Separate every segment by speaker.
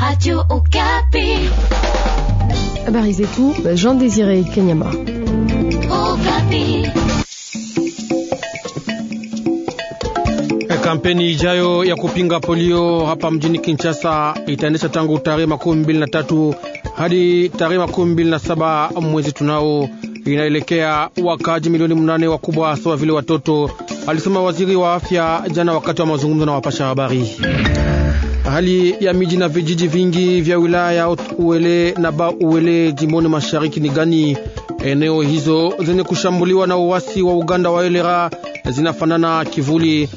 Speaker 1: Radio Okapi. Habari zetu, Jean Désiré Kanyama. Okapi.
Speaker 2: Kampeni ijayo ya kupinga polio hapa mjini Kinshasa itaendesha tangu tarehe makumi mbili na tatu hadi tarehe makumi mbili na saba mwezi tunao inaelekea wakaji milioni mnane wakubwa sawa vile watoto, alisema waziri wa afya jana wakati wa mazungumzo na wapasha habari. Hali ya miji na vijiji vingi vya wilaya ya Uele na Ba Uele jimoni mashariki ni gani? Eneo hizo zenye kushambuliwa na uwasi wa Uganda wa Elera zinafanana kivuli.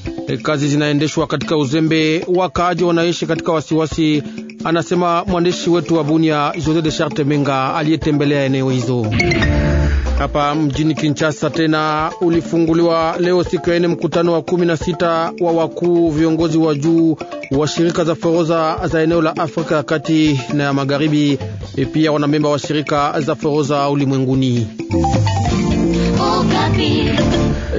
Speaker 2: Kazi zinaendeshwa katika uzembe, wakaaji wanaishi katika wasiwasi anasema mwandishi wetu wa Bunia Jose de Charte Menga aliyetembelea eneo hizo. Hapa mjini Kinshasa tena ulifunguliwa leo siku ya ine mkutano wa kumi na sita wa wakuu viongozi wa juu wa shirika za forodha za eneo la Afrika ya kati na ya magharibi, e, pia wanamemba wa shirika za forodha ulimwenguni.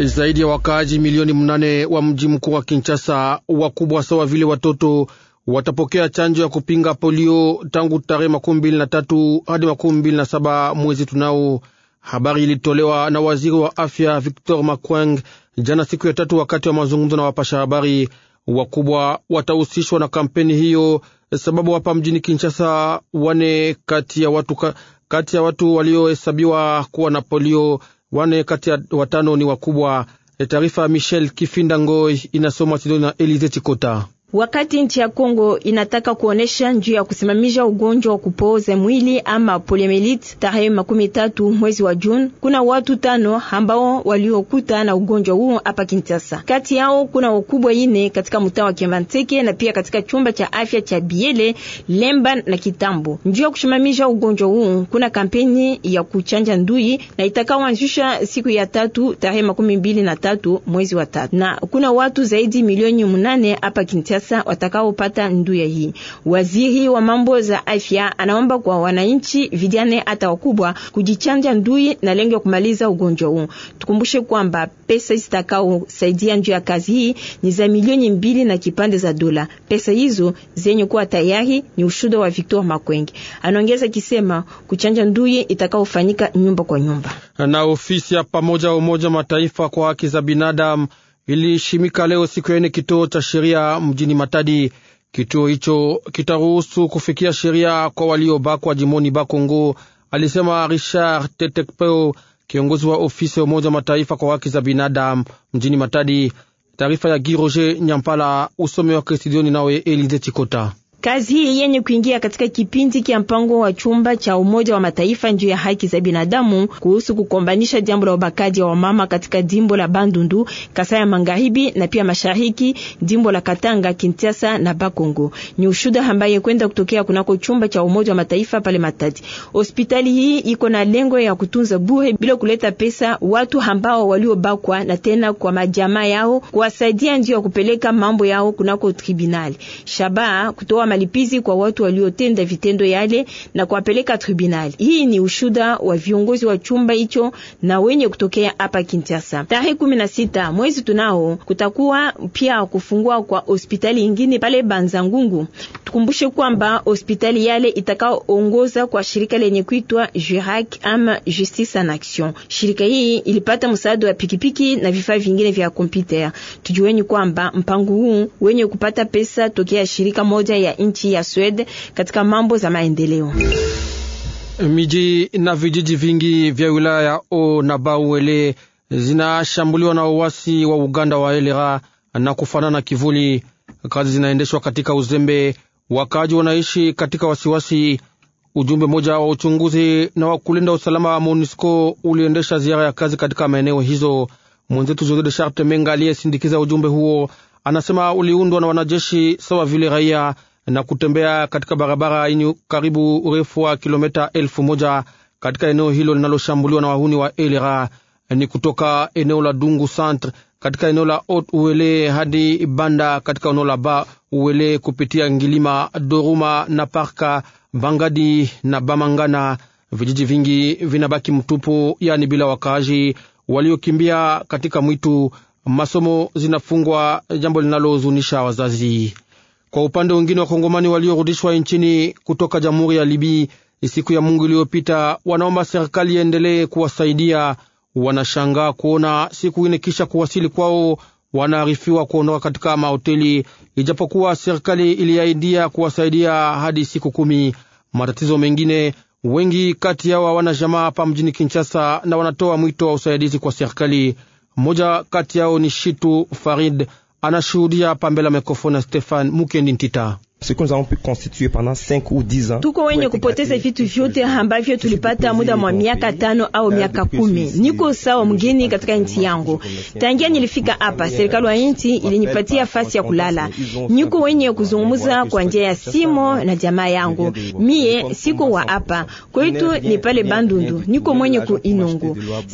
Speaker 2: Zaidi ya wakaaji milioni mnane wa mji mkuu wa Kinshasa, wakubwa sawa vile watoto watapokea chanjo ya kupinga polio tangu tarehe makumi mbili na tatu hadi makumi mbili na saba mwezi tunao. Habari ilitolewa na waziri wa afya Victor Makweng jana siku ya tatu, wakati wa mazungumzo na wapasha habari. Wakubwa watahusishwa na kampeni hiyo, sababu hapa mjini Kinshasa wane kati ya watu, ka, kati ya watu waliohesabiwa kuwa na polio wane kati ya watano ni wakubwa. E, taarifa ya Michel Kifinda Ngoi inasoma Sidoni na Elize Chikota.
Speaker 1: Wakati nchi ya Kongo inataka kuonesha njia ya kusimamisha ugonjwa wa kupooza mwili ama poliomelite tarehe makumi tatu mwezi wa Juni, kuna watu tano ambao waliokuta na ugonjwa huo hapa Kinshasa. Kati yao kuna wakubwa ine katika mtaa wa Kimbanteke na pia katika chumba cha afya cha Biele, Lemba na Kitambo. Njia ya kusimamisha ugonjwa huo, kuna kampeni ya kuchanja ndui na itakaoanzisha siku ya tatu tarehe makumi mbili na tatu mwezi wa tatu, na kuna watu zaidi milioni munane hapa Kinshasa sasa watakaopata nduya hii. Waziri wa mambo za afya anaomba kwa wananchi vijana hata wakubwa kujichanja ndui na lengo kumaliza ugonjwa huu. Tukumbushe kwamba pesa zitakaosaidia nju ya kazi hii ni za milioni mbili na kipande za dola. Pesa hizo zenye kuwa tayari ni ushuda wa Victor Makwenge. Anaongeza kisema kuchanja ndui itakaofanyika nyumba kwa nyumba.
Speaker 2: Na ofisi ya pamoja Umoja Mataifa kwa haki za binadamu ilishimika leo siku ya ine kituo cha sheria mjini Matadi. Kituo hicho kitaruhusu kufikia sheria kwa waliobakwa jimoni Bakongo, alisema Richard Tetekpeo, kiongozi wa ofisi ya Umoja Mataifa kwa haki za binadamu mjini Matadi. Taarifa ya Giroje Nyampala wa Kristidioni nawe Elize Chikota.
Speaker 1: Kazi hii yenye kuingia katika kipindi kia mpango wa chumba cha Umoja wa Mataifa juu ya haki za binadamu kuhusu kukombanisha jambo la ubakaji wa mama katika jimbo la Bandundu, Kasai ya Magharibi na pia Mashariki, jimbo la Katanga, Kinshasa na Bakongo. Ni ushuda ambaye kwenda kutokea kunako chumba cha Umoja wa Mataifa pale Matadi. Hospitali hii iko na lengo ya kutunza bure bila kuleta pesa watu ambao waliobakwa na tena kwa majamaa yao kuwasaidia ndio kupeleka mambo yao kunako tribunali. Shaba kutoa malipizi kwa watu waliotenda vitendo yale na kuwapeleka tribunali. Hii ni ushuda wa viongozi wa chumba hicho na wenye kutokea hapa Kinshasa. Tarehe 16 mwezi tunao kutakuwa pia kufungua kwa hospitali ingine pale Banza Ngungu. Tukumbushe kwamba hospitali yale itakaoongoza kwa shirika lenye kuitwa Jirac ama Justice en Action. Shirika hii ilipata msaada wa pikipiki na vifaa vingine vya kompyuta. Tujueni kwamba mpango huu wenye kupata pesa tokea shirika moja ya nchi ya Sweden katika mambo za maendeleo.
Speaker 2: Miji na vijiji vingi vya wilaya ya o na Bauele zinashambuliwa na uwasi wa Uganda wa Elera na kufanana kivuli. Kazi zinaendeshwa katika uzembe, wakaaji wanaishi katika wasiwasi. Ujumbe mmoja wa uchunguzi na wa kulinda usalama wa MONUSCO uliendesha ziara ya kazi katika maeneo hizo. Mwenzetu Jose de Charte Menga aliyesindikiza ujumbe huo anasema uliundwa na wanajeshi sawa vile raia na kutembea katika barabara yenye karibu urefu wa kilomita elfu moja katika eneo hilo linaloshambuliwa na wahuni wa Elera ni kutoka eneo la Dungu Centre katika eneo la Haut Uele hadi Banda katika eneo la Ba Uele kupitia Ngilima, Doruma na Parka, Bangadi na Bamangana. Vijiji vingi vinabaki mtupu, yani bila wakaaji waliokimbia katika mwitu. Masomo zinafungwa, jambo linalohuzunisha wazazi. Kwa upande wengine, wakongomani waliorudishwa nchini kutoka jamhuri ya Libi siku ya Mungu iliyopita wanaomba serikali iendelee kuwasaidia. Wanashangaa kuona siku ine kisha kuwasili kwao wanaarifiwa kuondoka katika mahoteli, ijapokuwa serikali iliahidia kuwasaidia hadi siku kumi. Matatizo mengine, wengi kati yao hawana jamaa hapa mjini Kinshasa na wanatoa mwito wa usaidizi kwa serikali. Mmoja kati yao ni Shitu Farid anashuhudia pambela mikrofoni ya Stefan Mukendi Ntita ce que nous avons pu constituer pendant 5 ou 10 ans.
Speaker 1: Tuko wenye kupoteza vitu vyote ambavyo tulipata muda mwa miaka tano au euh, miaka kumi. Niko sawa mgeni katika nchi yangu. Tangia nilifika hapa, serikali ya nchi ilinipatia fasi ya kulala. Niko wenye kuzungumza kwa njia ya simu na jamaa yangu. Mie siko wa hapa. Kwetu ni pale Bandundu. Niko mwenye ku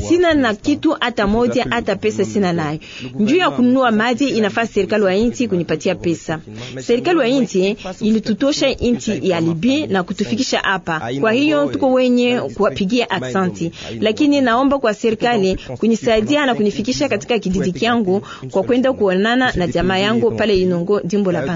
Speaker 1: Sina na kitu hata moja, hata pesa sina nayo. Njoo ya kununua maji inafaa serikali ya nchi kunipatia pesa. Serikali ya nchi ilitutosha nchi ya libi na kutufikisha hapa. Kwa hiyo tuko wenye kuwapigia aksanti, lakini naomba kwa serikali kunisaidia na kunifikisha katika kijiji kyangu kwa kwenda kuonana na jamaa yangu pale Inongo, jimbo la eh,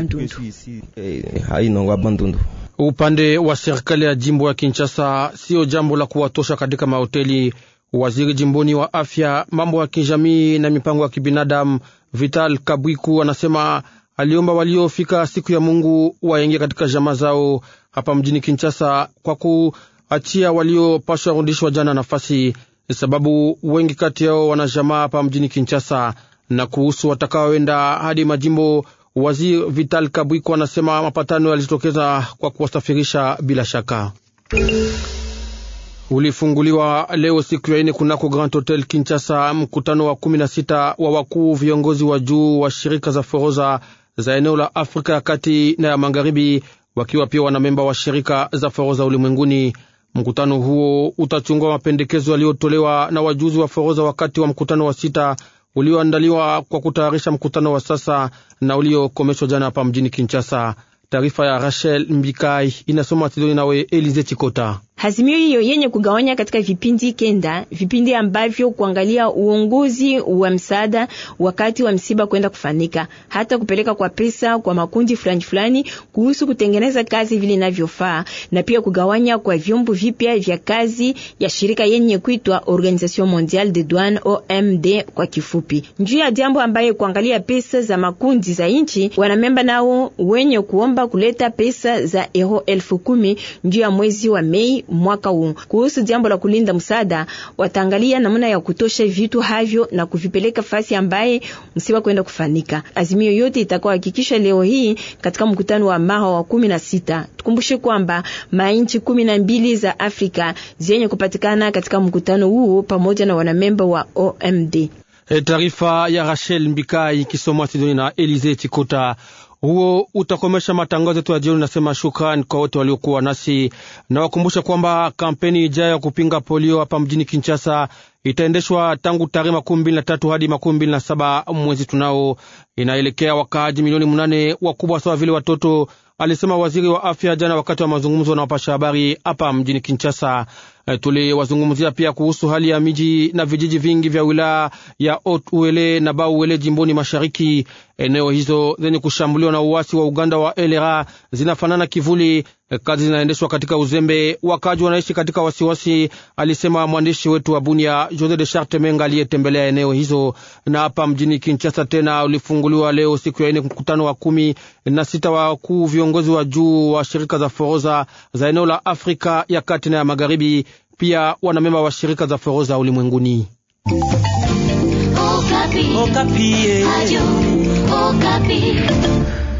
Speaker 1: Bandundu.
Speaker 2: Upande wa serikali ya jimbo ya Kinshasa siyo jambo la kuwatosha katika mahoteli. Waziri jimboni wa afya, mambo ya kijamii na mipango ya kibinadamu Vital Kabwiku anasema aliomba waliofika siku ya Mungu waingie katika jamaa zao hapa mjini Kinshasa, kwa kuachia waliopashwa rudishwa jana nafasi, sababu wengi kati yao wana jamaa hapa mjini Kinshasa. Na kuhusu watakaoenda hadi majimbo, waziri Vital Kabwiko anasema mapatano yalijitokeza kwa kuwasafirisha bila shaka ulifunguliwa leo siku ya ine kunako Grand Hotel Kinshasa, mkutano wa 16 wa wakuu viongozi wa juu wa shirika za forodha za eneo la Afrika ya kati na ya magharibi, wakiwa pia wanamemba wa shirika za forodha ulimwenguni. Mkutano huo utachungua mapendekezo yaliyotolewa na wajuzi wa forodha wakati wa mkutano wa sita ulioandaliwa kwa kutayarisha mkutano wa sasa na uliokomeshwa jana hapa mjini Kinshasa. Taarifa ya Rachel Mbikai inasoma Tidoni nawe Elize Chikota.
Speaker 1: Hazimio hiyo yenye kugawanya katika vipindi kenda, vipindi ambavyo kuangalia uongozi wa msaada wakati wa msiba kwenda kufanika, hata kupeleka kwa pesa kwa makundi fulani fulani, kuhusu kutengeneza kazi vile inavyofaa, na pia kugawanya kwa vyombo vipya vya kazi ya shirika yenye kuitwa Organisation Mondiale de Douane OMD kwa kifupi. Njuu ya jambo ambaye kuangalia pesa za makundi za nchi wanamemba nao wenye kuomba kuleta pesa za euro elfu kumi njuu ya mwezi wa Mei mwaka huu. Kuhusu jambo la kulinda msaada, wataangalia namna ya kutosha vitu havyo na kuvipeleka fasi ambaye msiba kwenda kufanika. Azimio yote itakuwa hakikisha leo hii katika mkutano wa maha wa kumi na sita. Tukumbushe kwamba mainchi kumi na mbili za Afrika zenye kupatikana katika mkutano huu pamoja na wanamemba wa OMD.
Speaker 2: Eh, taarifa ya Rachel Mbikai kisomwa Sidoni na Elize Chikota huo utakomesha matangazo yetu ya jioni. Nasema shukrani kwa wote waliokuwa nasi, na wakumbusha kwamba kampeni ijayo ya kupinga polio hapa mjini Kinshasa itaendeshwa tangu tarehe makumi mbili na tatu hadi makumi mbili na saba mwezi tunao, inaelekea wakaaji milioni mnane wakubwa sawa vile watoto, alisema waziri wa afya jana wakati wa mazungumzo na wapasha habari hapa mjini Kinshasa. Eh, tuliwazungumzia pia kuhusu hali ya miji na vijiji vingi vya wilaya ya Otuele na Bauele jimboni mashariki. Eneo hizo zenye kushambuliwa na uasi wa Uganda wa LRA zinafanana kivuli, eh, kazi zinaendeshwa katika uzembe, wakaji wanaishi katika wasiwasi, alisema mwandishi wetu wa Bunia Jose de Charte Menga aliyetembelea eneo hizo. Na hapa mjini Kinshasa tena ulifunguliwa leo siku ya ine mkutano wa kumi na sita wakuu viongozi wa juu wa shirika za foroza za eneo la Afrika ya kati na ya magharibi pia wanamemba wa shirika za foroza ulimwenguni.
Speaker 1: Okapi. Okapi. Eh.